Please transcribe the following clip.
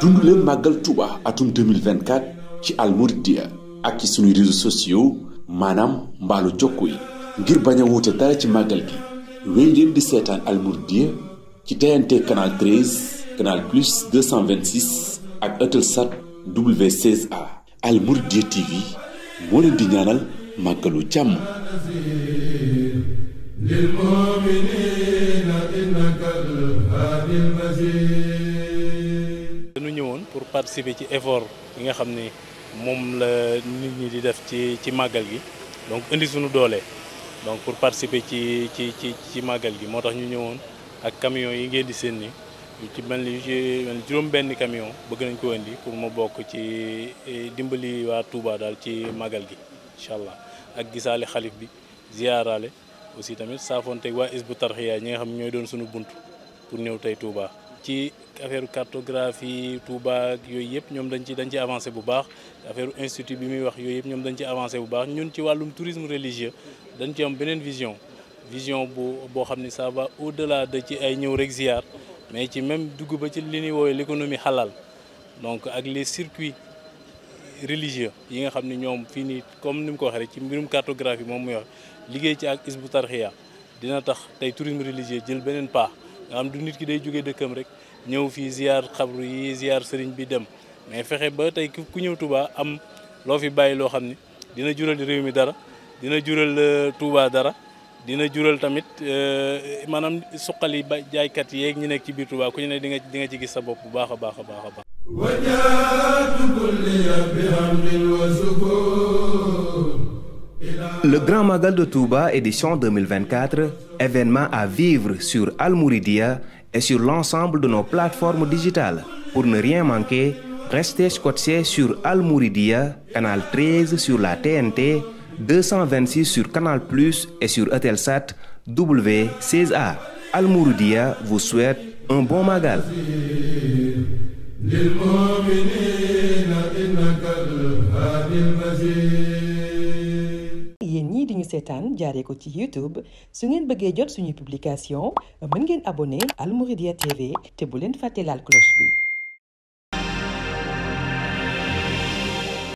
dund leen màggal tuba atum 2024 ci almouridia ak ci sunuy réseaux sociaux maanaam mbaalu jokko yi ngir bañ a wuute dara ci màggal gi wéy leen di seetaan almouridia ci TNT canal 13 canal plus 226 ak Eutelsat W16A almouridia TV moo leen di ñaanal màggalu jàmm dañu ñëwoon pour participer ci effort yi nga xam ni moom la nit ñi di def ci ci màggal gi donc indi sunu doole donc pour participer ci ci ci ci màggal gi moo tax ñu ñëwoon ak camion yi ngeen di seen ni ci mel ni juróom benn camion bëgg nañ ko indi pour mu bokk ci e, dimbali waa tuubaa daal ci màggal gi incha allah ak gisaale xalif bi ziyaaraale aussi tamit saafonteeg waa Hizbut Tarqiyyah ñi nga xam ñooy doon suñu bunt pour ñëw tey Touba. ci affaire cartographie Touba ak yooyu yëpp ñoom dañ ci dañ ci avancé bu baax affaire institut bi muy wax yooyu yëpp ñoom dañ ci avancé bu baax ñun ci wàllum tourisme religieux dañ ci am beneen vision vision bu boo xam ni ça va au-delà de ci ay ñëw rek ziar mais ci même dugg ba ci li ñuy woowee l'économie halal donc ak les circuits religieux yi nga xam ni ñoom fii nii comme ni mu ko waxee ci mbirum cartographie moom muy wax liggéey ci ak isbu tarxiya dina tax tey tourisme religieux jël beneen paax nga xam du nit ki day jógee dëkkam rek ñëw fii ziar xabru yi ziar sëriñ bi dem mais fexe ba tey ku ñëw Touba am loo fi bàyyi loo xam ni dina jural réew mi dara dina jural euh, Touba dara dina jural tamit euh, maanaam suqali ba jaaykat yeeg ñu nekk ci biir Touba ku ñu ne di nga di nga ci gis sa bopp bu baax a baax a baax a baax Le Grand Magal de Touba édition 2024, événement à vivre sur Al Mouridia et sur l'ensemble de nos plateformes digitales. Pour ne rien manquer, restez scotchés sur Al canal sur la TNT, 226 sur Canal Plus et sur Eutelsat W16A. Al Mouridia vous souhaite un bon Magal. di ñu seetaan jaaree ko ci YouTube su ngeen bëggee jot suñu publication mën ngeen abonné Al Mouridiyyah TV te bu leen fàtte laal cloche bi.